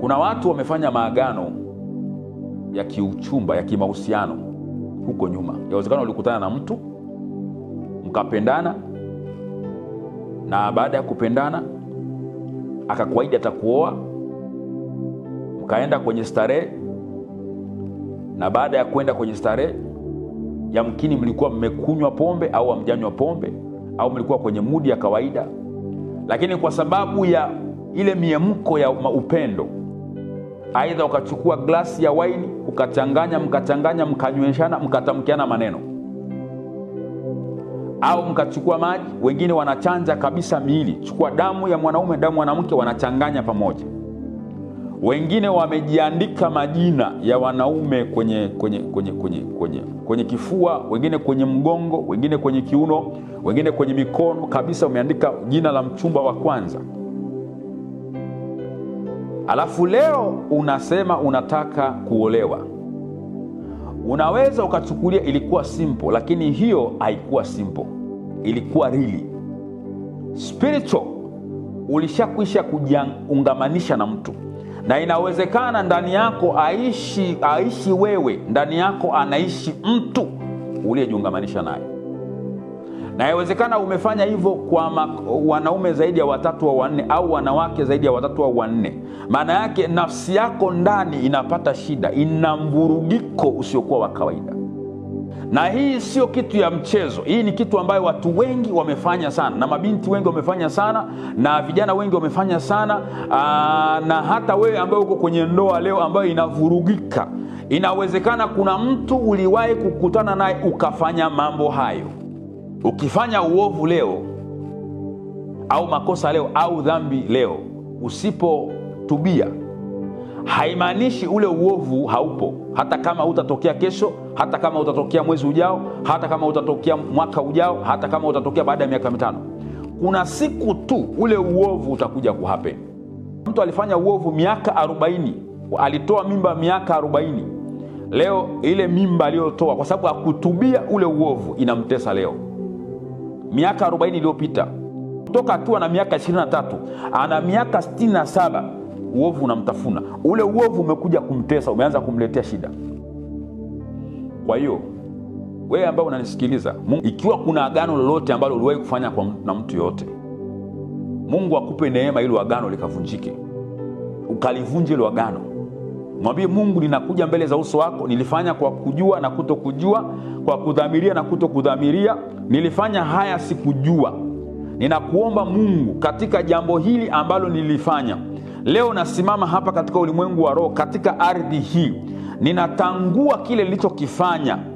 Kuna watu wamefanya maagano ya kiuchumba ya kimahusiano huko nyuma. Yawezekana walikutana na mtu mkapendana, na baada ya kupendana akakuahidi atakuoa, mkaenda kwenye starehe, na baada ya kwenda kwenye starehe, yamkini mlikuwa mmekunywa pombe au hamjanywa pombe, au mlikuwa kwenye mudi ya kawaida, lakini kwa sababu ya ile miamko ya upendo aidha ukachukua glasi ya waini ukachanganya mkachanganya mkanyweshana mkatamkiana maneno au mkachukua maji wengine wanachanja kabisa miili chukua damu ya mwanaume damu mwanamke wanachanganya pamoja wengine wamejiandika majina ya wanaume kwenye kwenye kwenye kwenye kwenye kwenye kifua wengine kwenye mgongo wengine kwenye kiuno wengine kwenye mikono kabisa umeandika jina la mchumba wa kwanza alafu leo unasema unataka kuolewa. Unaweza ukachukulia ilikuwa simple, lakini hiyo haikuwa simple, ilikuwa rili spiritual. Ulishakwisha kujiungamanisha na mtu, na inawezekana ndani yako aishi aishi wewe, ndani yako anaishi mtu uliyejiungamanisha naye na yawezekana umefanya hivyo kwa wanaume zaidi ya watatu wa wanne au wanawake zaidi ya watatu wa wanne. Maana yake nafsi yako ndani inapata shida, ina mvurugiko usiokuwa wa kawaida, na hii sio kitu ya mchezo. Hii ni kitu ambayo watu wengi wamefanya sana, na mabinti wengi wamefanya sana, na vijana wengi wamefanya sana aa, na hata wewe ambaye uko kwenye ndoa leo ambayo inavurugika, inawezekana kuna mtu uliwahi kukutana naye ukafanya mambo hayo. Ukifanya uovu leo au makosa leo au dhambi leo, usipotubia, haimaanishi ule uovu haupo, hata kama utatokea kesho, hata kama utatokea mwezi ujao, hata kama utatokea mwaka ujao, hata kama utatokea baada ya miaka mitano. Kuna siku tu ule uovu utakuja kuhape. Mtu alifanya uovu miaka arobaini, alitoa mimba miaka arobaini. Leo ile mimba aliyotoa, kwa sababu akutubia ule uovu, inamtesa leo miaka 40 iliyopita kutoka akiwa na miaka 23 ana miaka 67, uovu unamtafuna. Ule uovu umekuja kumtesa, umeanza kumletea shida. Kwa hiyo wewe ambao unanisikiliza, Mungu, ikiwa kuna agano lolote ambalo uliwahi kufanya kwa na mtu yoyote, Mungu akupe neema, ilo agano likavunjike, ukalivunje ilo agano. Mwambie Mungu, ninakuja mbele za uso wako, nilifanya kwa kujua na kutokujua, kwa kudhamiria na kutokudhamiria, nilifanya haya sikujua. Ninakuomba Mungu, katika jambo hili ambalo nilifanya leo, nasimama hapa katika ulimwengu wa roho, katika ardhi hii ninatangua kile nilichokifanya